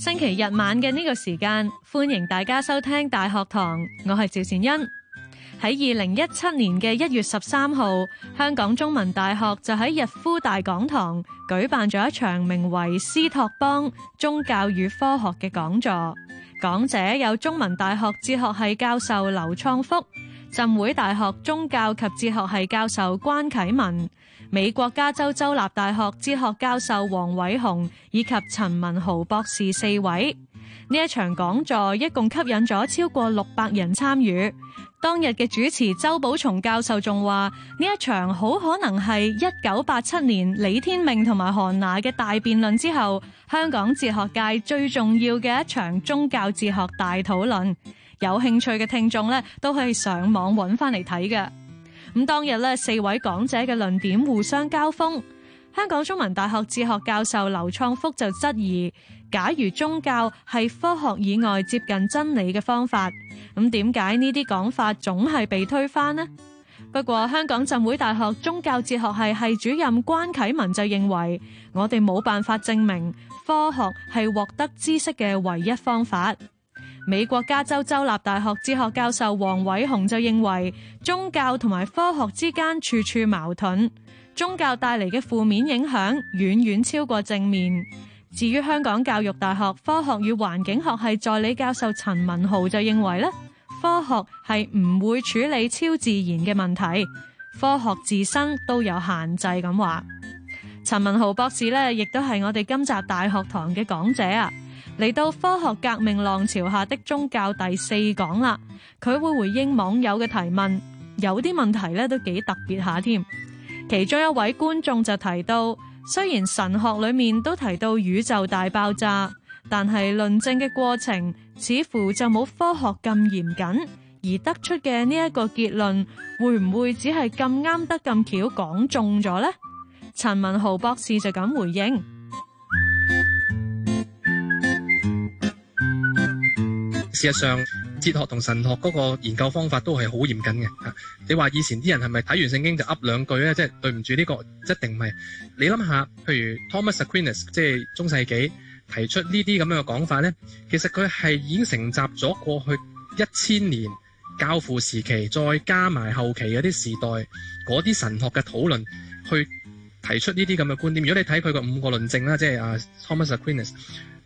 星期日晚嘅呢個時間，歡迎大家收聽大學堂，我係趙善恩。喺二零一七年嘅一月十三號，香港中文大學就喺逸夫大講堂舉辦咗一場名為《斯托邦宗教與科學》嘅講座，講者有中文大學哲學系教授劉創福、浸會大學宗教及哲學系教授關啟文，美國加州州立大學哲學教授黃偉雄以及陳文豪博士四位，呢一場講座一共吸引咗超過六百人參與。當日嘅主持周保松教授仲話：呢一場好可能係一九八七年李天命同埋韓娜嘅大辯論之後，香港哲學界最重要嘅一場宗教哲學大討論。有興趣嘅聽眾呢，都可以上網揾翻嚟睇嘅。咁當日呢四位講者嘅論點互相交鋒。香港中文大學哲學教授劉創福就質疑：假如宗教係科學以外接近真理嘅方法，咁點解呢啲講法總係被推翻呢？不過香港浸會大學宗教哲學系系主任關啟文就認為，我哋冇辦法證明科學係獲得知識嘅唯一方法。美國加州州立大學哲學教授王偉雄就認為，宗教同埋科學之間處處矛盾，宗教帶嚟嘅負面影響遠遠超過正面。至於香港教育大學科學與環境學系助理教授陳文豪就認為咧，科學係唔會處理超自然嘅問題，科學自身都有限制。咁話，陳文豪博士咧，亦都係我哋今集大學堂嘅講者啊。嚟到科學革命浪潮下的宗教第四講啦，佢會回應網友嘅提問，有啲問題咧都幾特別下添。其中一位觀眾就提到，雖然神學裏面都提到宇宙大爆炸，但係論證嘅過程似乎就冇科學咁嚴謹，而得出嘅呢一個結論會唔會只係咁啱得咁巧講中咗呢？陳文豪博士就咁回應。事實上，哲學同神學嗰個研究方法都係好嚴謹嘅。嚇，你話以前啲人係咪睇完聖經就噏兩句咧？即係對唔住呢個，一定唔係。你諗下，譬如 Thomas Aquinas，即係中世紀提出呢啲咁樣嘅講法咧，其實佢係已經承襲咗過去一千年教父時期，再加埋後期嗰啲時代嗰啲神學嘅討論，去提出呢啲咁嘅觀點。如果你睇佢個五個論證啦，即係啊 Thomas Aquinas。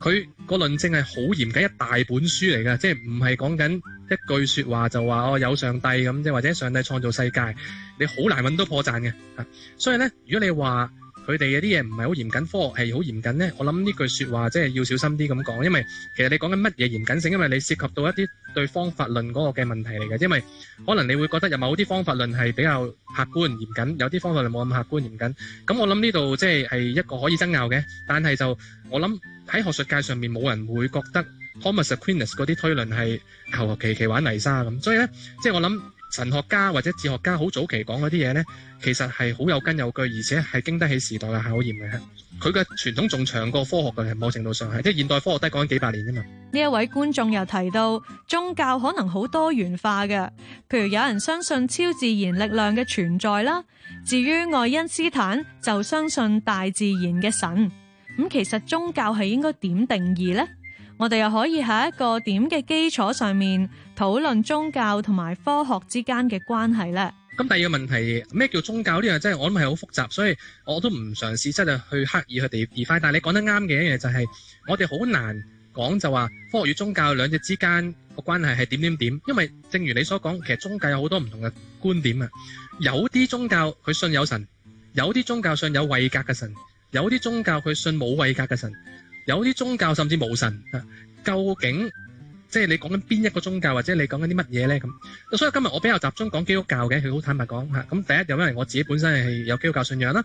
佢個論證係好嚴謹，一大本書嚟㗎，即係唔係講緊一句說話就話哦有上帝咁，即係或者上帝創造世界，你好難揾到破綻嘅。啊，所以咧，如果你話，佢哋嘅啲嘢唔係好嚴謹，科學係好嚴謹咧。我諗呢句說話即係要小心啲咁講，因為其實你講緊乜嘢嚴謹性，因為你涉及到一啲對方法論嗰個嘅問題嚟嘅。因為可能你會覺得有某啲方法論係比較客觀嚴謹，有啲方法論冇咁客觀嚴謹。咁我諗呢度即係一個可以爭拗嘅，但係就我諗喺學術界上面冇人會覺得 Thomas Aquinas 嗰啲推論係求求其其玩泥沙咁。所以咧，即係我諗。神學家或者哲學家好早期講嗰啲嘢呢，其實係好有根有據，而且係經得起時代嘅考驗嘅。佢嘅傳統仲長過科學嘅，某程度上係，即係現代科學都係講緊幾百年噶嘛。呢一位觀眾又提到，宗教可能好多元化嘅，譬如有人相信超自然力量嘅存在啦。至於愛因斯坦就相信大自然嘅神。咁其實宗教係應該點定義呢？我哋又可以喺一個點嘅基礎上面討論宗教同埋科學之間嘅關係咧。咁第二個問題，咩叫宗教呢？樣真係我諗係好複雜，所以我都唔嘗試真係去刻意去哋而快。但係你講得啱嘅一樣嘢就係、是，我哋好難講就話科學與宗教兩者之間個關係係點點點，因為正如你所講，其實宗教有好多唔同嘅觀點啊。有啲宗教佢信有神，有啲宗教信有位格嘅神，有啲宗教佢信冇位格嘅神。有啲宗教甚至冇神啊，究竟即係你講緊邊一個宗教，或者你講緊啲乜嘢呢？咁所以今日我比較集中講基督教嘅，佢好坦白講吓。咁第一，因為我自己本身係有基督教信仰啦；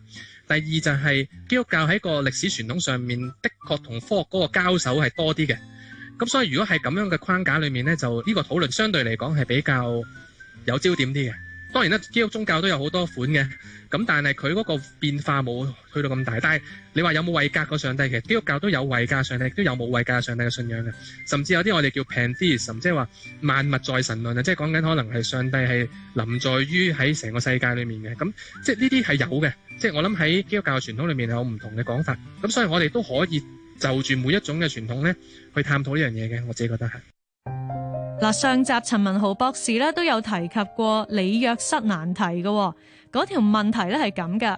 第二就係基督教喺個歷史傳統上面，的確同科學嗰個交手係多啲嘅。咁所以如果係咁樣嘅框架裡面呢，就呢個討論相對嚟講係比較有焦點啲嘅。當然啦，基督教都有好多款嘅，咁但係佢嗰個變化冇去到咁大。但係你話有冇位格個上帝？其實基督教都有位格上帝，都有冇位格上帝嘅信仰嘅。甚至有啲我哋叫 pantheism 即係話萬物在神論啊，即係講緊可能係上帝係臨在於喺成個世界裏面嘅。咁即係呢啲係有嘅。即係我諗喺基督教嘅傳統裏面有唔同嘅講法。咁所以我哋都可以就住每一種嘅傳統咧去探討呢樣嘢嘅。我自己覺得係。嗱，上集陳文豪博士咧都有提及過李約瑟難題嘅嗰條問題咧係咁噶，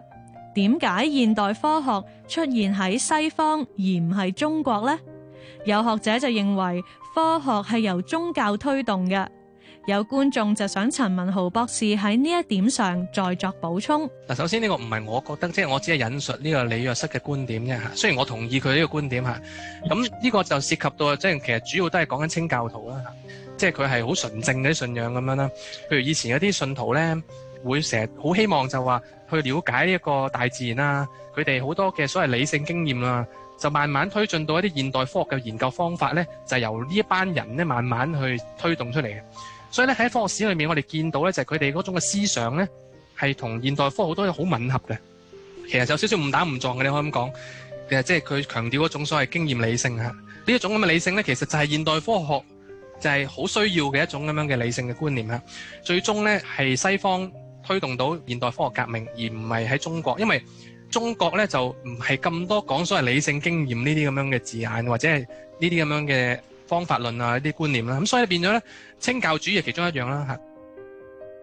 點解現代科學出現喺西方而唔係中國呢？有學者就認為科學係由宗教推動嘅，有觀眾就想陳文豪博士喺呢一點上再作補充。嗱，首先呢個唔係我覺得，即係我只係引述呢個李約瑟嘅觀點啫。雖然我同意佢呢個觀點吓，咁呢個就涉及到即係其實主要都係講緊清教徒啦。即係佢係好純正嘅信仰咁樣啦。譬如以前有啲信徒咧，會成日好希望就話去了解一個大自然啊。佢哋好多嘅所謂理性經驗啦、啊，就慢慢推進到一啲現代科學嘅研究方法咧，就由呢一班人咧慢慢去推動出嚟嘅。所以咧喺科學史裏面，我哋見到咧就係佢哋嗰種嘅思想咧，係同現代科學好多嘢好吻合嘅。其實就少少誤打誤撞嘅，你可以咁講。其實即係佢強調嗰種所謂經驗理性啊，呢一種咁嘅理性咧，其實就係現代科學。就係好需要嘅一種咁樣嘅理性嘅觀念啦。最終呢係西方推動到現代科學革命，而唔係喺中國，因為中國呢就唔係咁多講所謂理性經驗呢啲咁樣嘅字眼，或者係呢啲咁樣嘅方法論啊呢啲觀念啦。咁所以變咗呢，清教主義其中一樣啦嚇。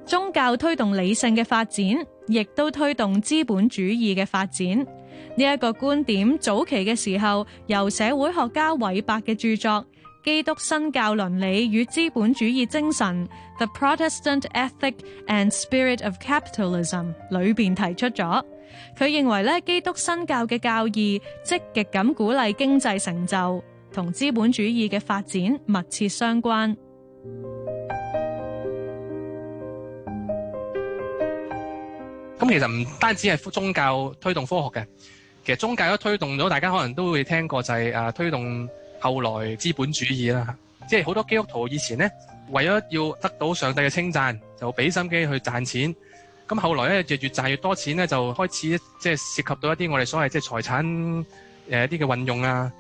宗教推動理性嘅發展，亦都推動資本主義嘅發展。呢一個觀點，早期嘅時候由社會學家韋伯嘅著作。基督新教倫理與資本主義精神，The Protestant Ethic and Spirit of Capitalism 裏邊提出咗，佢認為咧基督新教嘅教義積極咁鼓勵經濟成就，同資本主義嘅發展密切相關。咁其實唔單止係宗教推動科學嘅，其實宗教都推動咗，大家可能都會聽過就係、是、誒、啊、推動。後來資本主義啦，即係好多基督徒以前咧，為咗要得到上帝嘅稱讚，就俾心機去賺錢。咁後來咧，就越賺越多錢咧，就開始即係涉及到一啲我哋所謂即係財產誒啲嘅運用啊。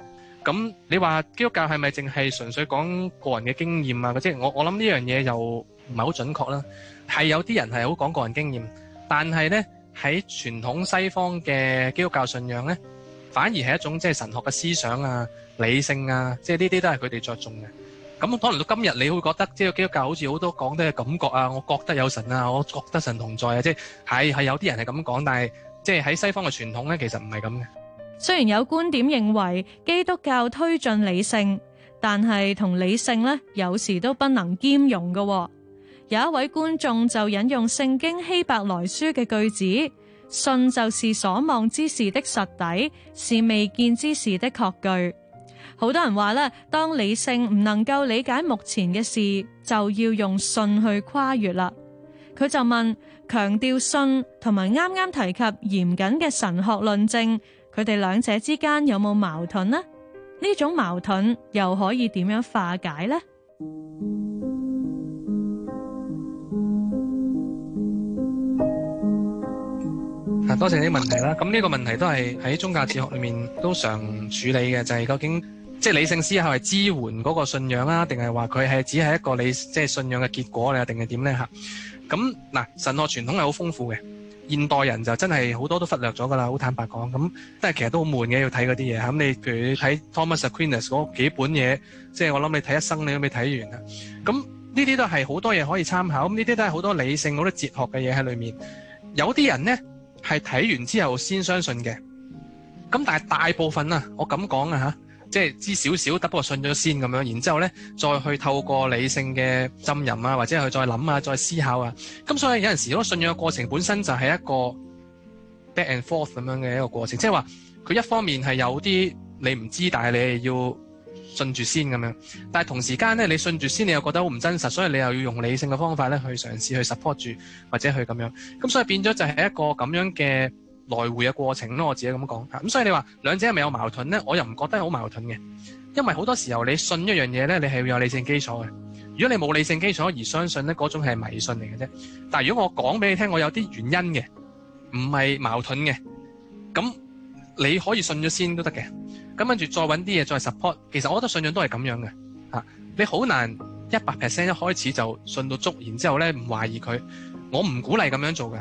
咁你話基督教係咪淨係純粹講個人嘅經驗啊？即係我我諗呢樣嘢又唔係好準確啦。係有啲人係好講個人經驗，但係咧喺傳統西方嘅基督教信仰咧，反而係一種即係神學嘅思想啊。理性啊，即係呢啲都係佢哋着重嘅。咁可能到今日，你會覺得即係基督教好似好多講得嘅感覺啊，我覺得有神啊，我覺得神同在啊，即係，係，有啲人係咁講，但係，即係喺西方嘅傳統咧，其實唔係咁嘅。雖然有觀點認為基督教推進理性，但係同理性咧，有時都不能兼容嘅。哦，有一位觀眾就引用聖經希伯來書嘅句子：信就是所望之事的實底，是未見之事的確據。好多人話咧，當理性唔能夠理解目前嘅事，就要用信去跨越啦。佢就問，強調信同埋啱啱提及嚴謹嘅神學論證，佢哋兩者之間有冇矛盾呢？呢種矛盾又可以點樣化解呢？多謝你問題啦。咁呢個問題都係喺宗教哲學裏面都常處理嘅，就係、是、究竟。即係理性思考係支援嗰個信仰啊，定係話佢係只係一個你即係信仰嘅結果，定係點咧嚇？咁嗱，神學傳統係好豐富嘅，現代人就真係好多都忽略咗噶啦，好坦白講。咁即係其實都好悶嘅，要睇嗰啲嘢嚇。咁你譬如睇 Thomas Aquinas 嗰幾本嘢，即係我諗你睇一生你都未睇完啊。咁呢啲都係好多嘢可以參考，咁呢啲都係好多理性好多哲學嘅嘢喺裏面。有啲人咧係睇完之後先相信嘅，咁但係大部分啊，我咁講啊嚇。即係知少少，不過信咗先咁樣，然之後咧，再去透過理性嘅浸淫啊，或者去再諗啊，再思考啊。咁所以有陣時信仰嘅過程本身就係一個 back and forth 咁樣嘅一個過程，即係話佢一方面係有啲你唔知，但係你要信住先咁樣。但係同時間咧，你信住先，你又覺得好唔真實，所以你又要用理性嘅方法咧去嘗試去 support 住，或者去咁樣。咁所以變咗就係一個咁樣嘅。來回嘅過程咯，我自己咁講，咁所以你話兩者係咪有矛盾呢？我又唔覺得好矛盾嘅，因為好多時候你信一樣嘢呢，你係要有理性基礎嘅。如果你冇理性基礎而相信呢嗰種係迷信嚟嘅啫。但係如果我講俾你聽，我有啲原因嘅，唔係矛盾嘅。咁你可以信咗先都得嘅。咁跟住再揾啲嘢再 support。其實我覺得信仰都係咁樣嘅。吓，你好難一百 percent 一開始就信到足，然之後呢唔懷疑佢。我唔鼓勵咁樣做嘅。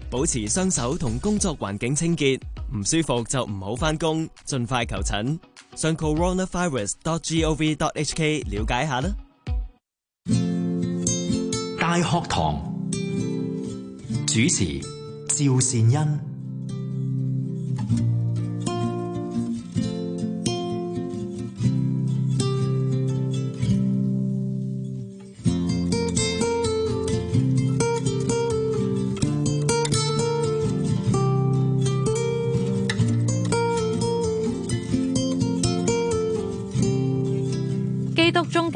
保持雙手同工作環境清潔，唔舒服就唔好翻工，盡快求診。上 coronavirus.gov.hk 了解一下啦。大學堂主持趙善恩。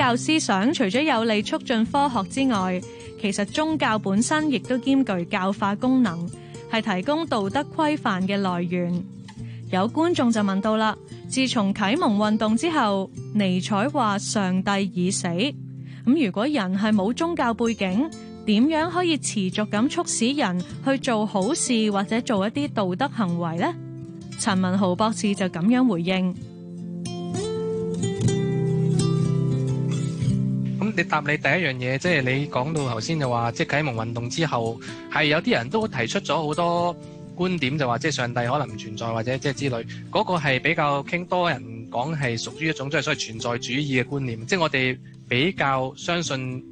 教思想除咗有利促進科學之外，其實宗教本身亦都兼具教化功能，係提供道德規範嘅來源。有觀眾就問到啦：自從啟蒙運動之後，尼采話上帝已死。咁如果人係冇宗教背景，點樣可以持續咁促使人去做好事或者做一啲道德行為咧？陳文豪博士就咁樣回應。你答你第一樣嘢，即係你講到頭先就話，即係啟蒙運動之後，係有啲人都提出咗好多觀點，就話即係上帝可能唔存在或者即係之類嗰個係比較傾多人講，係屬於一種即係所謂存在主義嘅觀念，即係我哋比較相信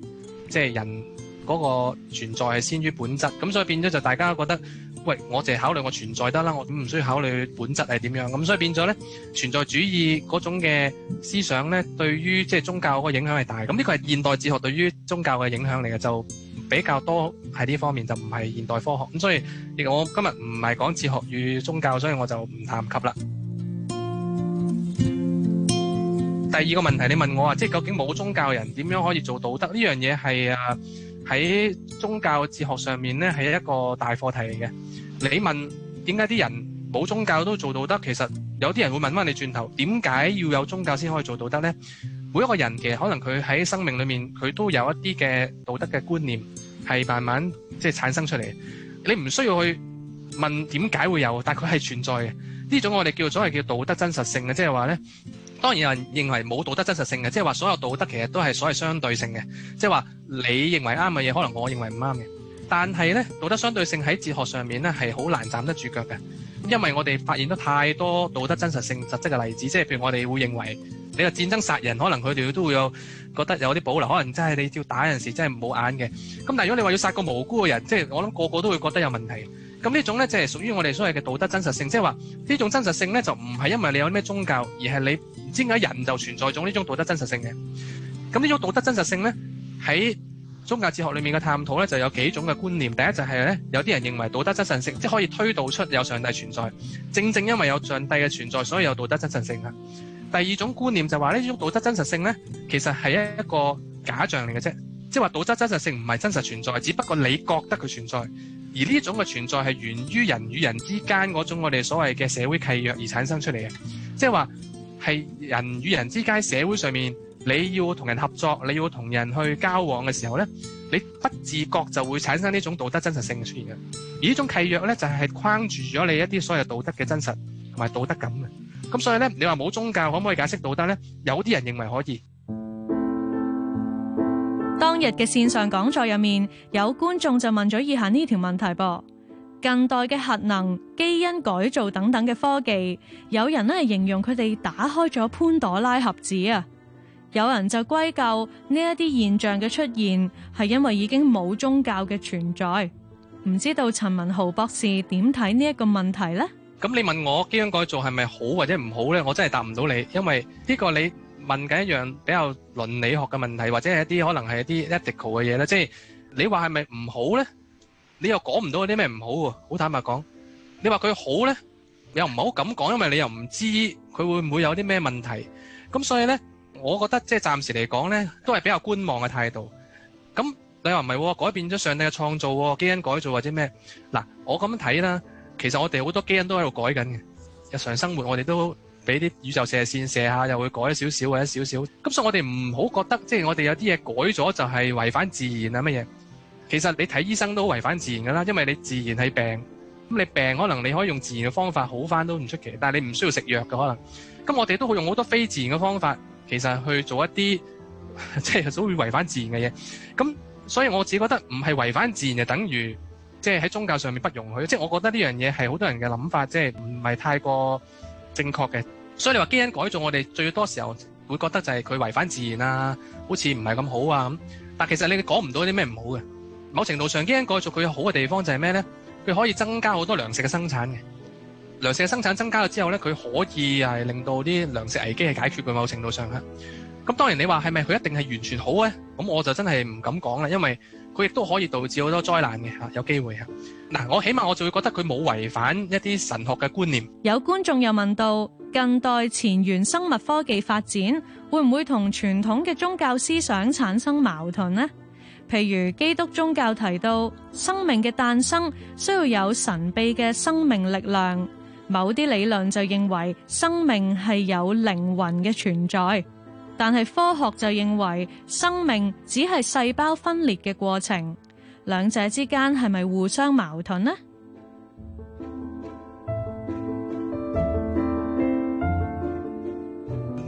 即係人嗰個存在係先於本質，咁所以變咗就大家覺得。喂，我淨係考慮我存在得啦，我唔需要考慮本質係點樣咁，所以變咗咧存在主義嗰種嘅思想咧，對於即係宗教個影響係大咁。呢個係現代哲學對於宗教嘅影響嚟嘅，就比較多係呢方面，就唔係現代科學咁。所以我今日唔係講哲學與宗教，所以我就唔談及啦。第二個問題，你問我啊，即係究竟冇宗教人點樣可以做道德？呢樣嘢係啊，喺宗教哲學上面咧，係一個大課題嚟嘅。你問點解啲人冇宗教都做道德？其實有啲人會問翻你轉頭，「點解要有宗教先可以做道德呢？」每一個人其實可能佢喺生命裏面，佢都有一啲嘅道德嘅觀念，係慢慢即係產生出嚟。你唔需要去問點解會有，但佢係存在嘅。呢種我哋叫所謂叫道德真實性嘅，即係話呢，當然有人認為冇道德真實性嘅，即係話所有道德其實都係所謂相對性嘅，即係話你認為啱嘅嘢，可能我認為唔啱嘅。但係咧，道德相對性喺哲學上面咧，係好難站得住腳嘅，因為我哋發現咗太多道德真實性實質嘅例子，即係譬如我哋會認為你話戰爭殺人，可能佢哋都會有覺得有啲保留，可能是的真係你照打嗰陣時真係唔好眼嘅。咁但係如果你話要殺個無辜嘅人，即係我諗個個都會覺得有問題。咁呢種咧即係屬於我哋所謂嘅道德真實性，即係話呢種真實性咧就唔係因為你有咩宗教，而係你唔知點解人就存在種呢種道德真實性嘅。咁呢種道德真實性咧喺在宗教哲學裏面嘅探討咧，就有幾種嘅觀念。第一就係咧，有啲人認為道德真實性即係可以推導出有上帝存在。正正因為有上帝嘅存在，所以有道德真實性啊。第二種觀念就話呢種道德真實性咧，其實係一個假象嚟嘅啫，即係話道德真實性唔係真實存在，只不過你覺得佢存在，而呢種嘅存在係源於人與人之間嗰種我哋所謂嘅社會契約而產生出嚟嘅，即係話係人與人之間社會上面。你要同人合作，你要同人去交往嘅時候咧，你不自覺就會產生呢種道德真實性嘅出現嘅。而呢種契約咧，就係框住咗你一啲所有道德嘅真實同埋道德感嘅。咁所以咧，你話冇宗教可唔可以解釋道德咧？有啲人認為可以。當日嘅線上講座入面，有觀眾就問咗以下呢條問題噃：近代嘅核能、基因改造等等嘅科技，有人咧係形容佢哋打開咗潘朵拉盒子啊！有人就歸咎呢一啲現象嘅出現，係因為已經冇宗教嘅存在，唔知道陳文豪博士點睇呢一個問題咧？咁你問我基因改造係咪好或者唔好咧？我真係答唔到你，因為呢個你問緊一樣比較倫理學嘅問題，或者係一啲可能係一啲 ethical 嘅嘢咧。即係你話係咪唔好咧？你又講唔到有啲咩唔好喎。好坦白講，你話佢好咧，你又唔好咁講，因為你又唔知佢會唔會有啲咩問題。咁所以咧。我覺得即係暫時嚟講咧，都係比較觀望嘅態度。咁你話唔係改變咗上帝嘅創造、哦、基因改造或者咩？嗱，我咁樣睇啦，其實我哋好多基因都喺度改緊嘅。日常生活我哋都俾啲宇宙射線射下，又會改少少或者少少。咁所以我哋唔好覺得即係、就是、我哋有啲嘢改咗就係違反自然啊乜嘢。其實你睇醫生都違反自然㗎啦，因為你自然係病咁，你病可能你可以用自然嘅方法好返都唔出奇，但係你唔需要食藥嘅可能。咁我哋都會用好多非自然嘅方法。其實去做一啲即係所謂違反自然嘅嘢，咁所以我自己覺得唔係違反自然就等於即係喺宗教上面不容許，即係我覺得呢樣嘢係好多人嘅諗法，即係唔係太過正確嘅。所以你話基因改造我，我哋最多時候會覺得就係佢違反自然啊，好似唔係咁好啊咁。但其實你講唔到啲咩唔好嘅，某程度上基因改造佢好嘅地方就係咩呢？佢可以增加好多糧食嘅生產嘅。糧食嘅生產增加咗之後呢，佢可以係令到啲糧食危機係解決佢某程度上嘅。咁當然你話係咪佢一定係完全好呢？咁我就真係唔敢講啦，因為佢亦都可以導致好多災難嘅吓，有機會吓嗱。我起碼我就會覺得佢冇違反一啲神學嘅觀念。有觀眾又問到，近代前沿生物科技發展會唔會同傳統嘅宗教思想產生矛盾呢？譬如基督宗教提到生命嘅誕生需要有神秘嘅生命力量。某啲理論就認為生命係有靈魂嘅存在，但係科學就認為生命只係細胞分裂嘅過程，兩者之間係咪互相矛盾呢？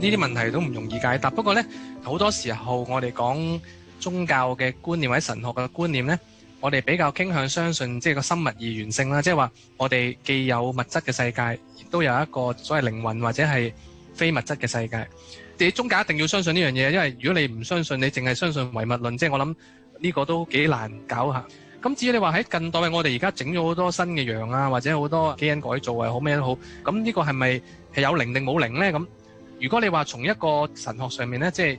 呢啲問題都唔容易解答。不過呢，好多時候我哋講宗教嘅觀念或者神學嘅觀念呢。我哋比較傾向相信即係個心物二元性啦，即係話我哋既有物質嘅世界，亦都有一個所謂靈魂或者係非物質嘅世界。你宗教一定要相信呢樣嘢，因為如果你唔相信，你淨係相信唯物論，即係我諗呢個都幾難搞下。咁至於你話喺近代，我哋而家整咗好多新嘅羊啊，或者好多基因改造又好咩都好，咁呢個係咪係有靈定冇靈咧？咁如果你話從一個神學上面咧，即係。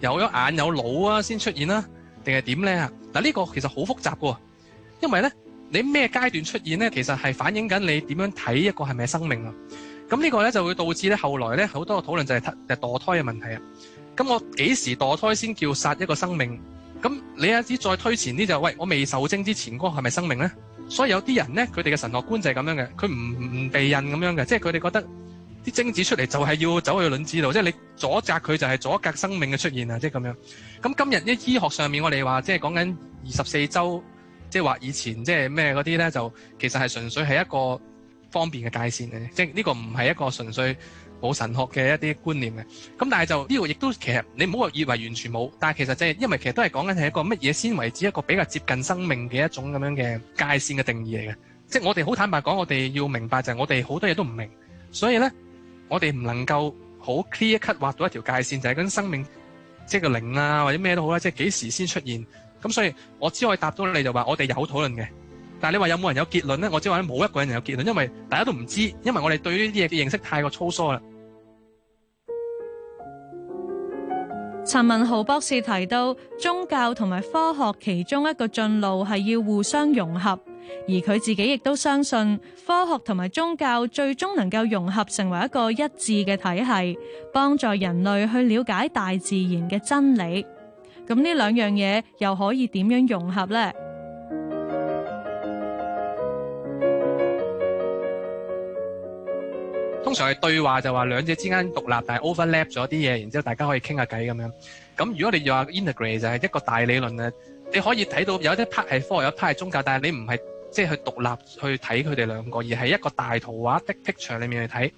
有咗眼有腦啊，先出現啦，定係點咧？嗱呢個其實好複雜噶，因為咧你咩階段出現咧，其實係反映緊你點樣睇一個係咪生命啊？咁呢個咧就會導致咧後來咧好多個討論就係就墮胎嘅問題啊！咁我幾時墮胎先叫殺一個生命？咁你一知再推前啲就喂我未受精之前嗰個係咪生命咧？所以有啲人咧佢哋嘅神學觀就係咁樣嘅，佢唔唔避孕咁樣嘅，即係佢哋覺得。啲精子出嚟就係要走去卵子度，即係你阻隔佢就係阻隔生命嘅出現啊！即係咁樣。咁今日一醫學上面，我哋話即係講緊二十四週，即係話以前即係咩嗰啲咧，就其實係純粹係一個方便嘅界線嚟嘅，即係呢個唔係一個純粹冇神學嘅一啲觀念嘅。咁但係就呢個亦都其實你唔好以為完全冇，但係其實即係因為其實都係講緊係一個乜嘢先為止一個比較接近生命嘅一種咁樣嘅界線嘅定義嚟嘅。即係我哋好坦白講，我哋要明白就係我哋好多嘢都唔明，所以咧。我哋唔能夠好 clear cut 劃到一條界線，就係跟生命即係個靈啊，或者咩都好啦，即係幾時先出現咁。所以，我只可以答到你，就話我哋有討論嘅。但你話有冇人有結論呢？我只話冇一個人有結論，因為大家都唔知，因為我哋對呢啲嘢嘅認識太過粗疏啦。陳文豪博士提到，宗教同埋科學其中一個進路係要互相融合。而佢自己亦都相信科學同埋宗教最終能夠融合成為一個一致嘅體系，幫助人類去了解大自然嘅真理。咁呢兩樣嘢又可以點樣融合呢？通常係對話就話兩者之間獨立，但係 overlap 咗啲嘢，然之後大家可以傾下偈咁樣。咁如果你要話 integrate 就係一個大理論，你可以睇到有一 part 係科學，有一 part 係宗教，但係你唔係。即係去獨立去睇佢哋兩個，而係一個大圖畫的 picture 裏面，去睇。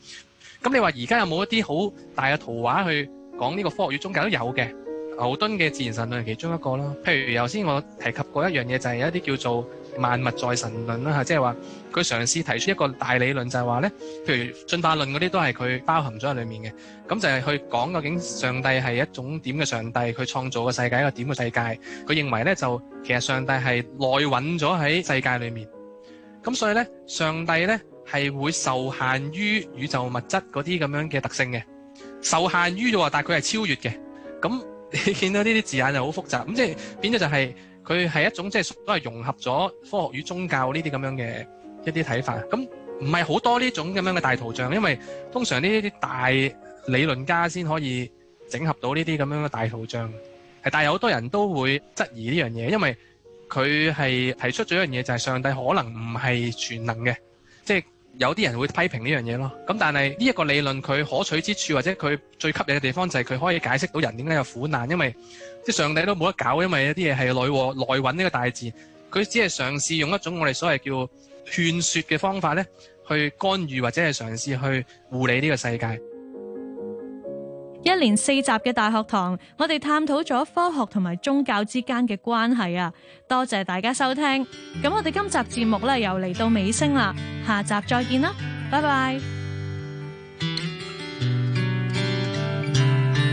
咁你話而家有冇一啲好大嘅圖畫去講呢個科學與宗教都有嘅？牛頓嘅自然神論係其中一個啦。譬如頭先我提及過一樣嘢，就係有一啲叫做。萬物在神論啦嚇，即係話佢嘗試提出一個大理論，就係話咧，譬如進化論嗰啲都係佢包含咗喺裡面嘅。咁就係去講究竟上帝係一種點嘅上帝，佢創造嘅世界一個點嘅世界。佢認為咧就其實上帝係內蘊咗喺世界裡面。咁所以咧上帝咧係會受限於宇宙物質嗰啲咁樣嘅特性嘅，受限於咗，但係佢係超越嘅。咁你見到呢啲字眼就好複雜。咁即係變咗就係、就是。佢係一種即係都係融合咗科學與宗教呢啲咁樣嘅一啲睇法，咁唔係好多呢種咁樣嘅大圖像，因為通常呢啲大理論家先可以整合到呢啲咁樣嘅大圖像，係，但係好多人都會質疑呢樣嘢，因為佢係提出咗一樣嘢，就係上帝可能唔係全能嘅，即係。有啲人會批評呢樣嘢咯，咁但係呢一個理論佢可取之處或者佢最吸引嘅地方就係佢可以解釋到人點解有苦難，因為即係上帝都冇得搞，因為一啲嘢係內和內蘊呢個大字，佢只係嘗試用一種我哋所謂叫勸説嘅方法咧，去干預或者係嘗試去護理呢個世界。一連四集嘅大學堂，我哋探討咗科學同埋宗教之間嘅關係啊！多謝大家收聽，咁我哋今集節目咧又嚟到尾聲啦，下集再見啦，拜拜。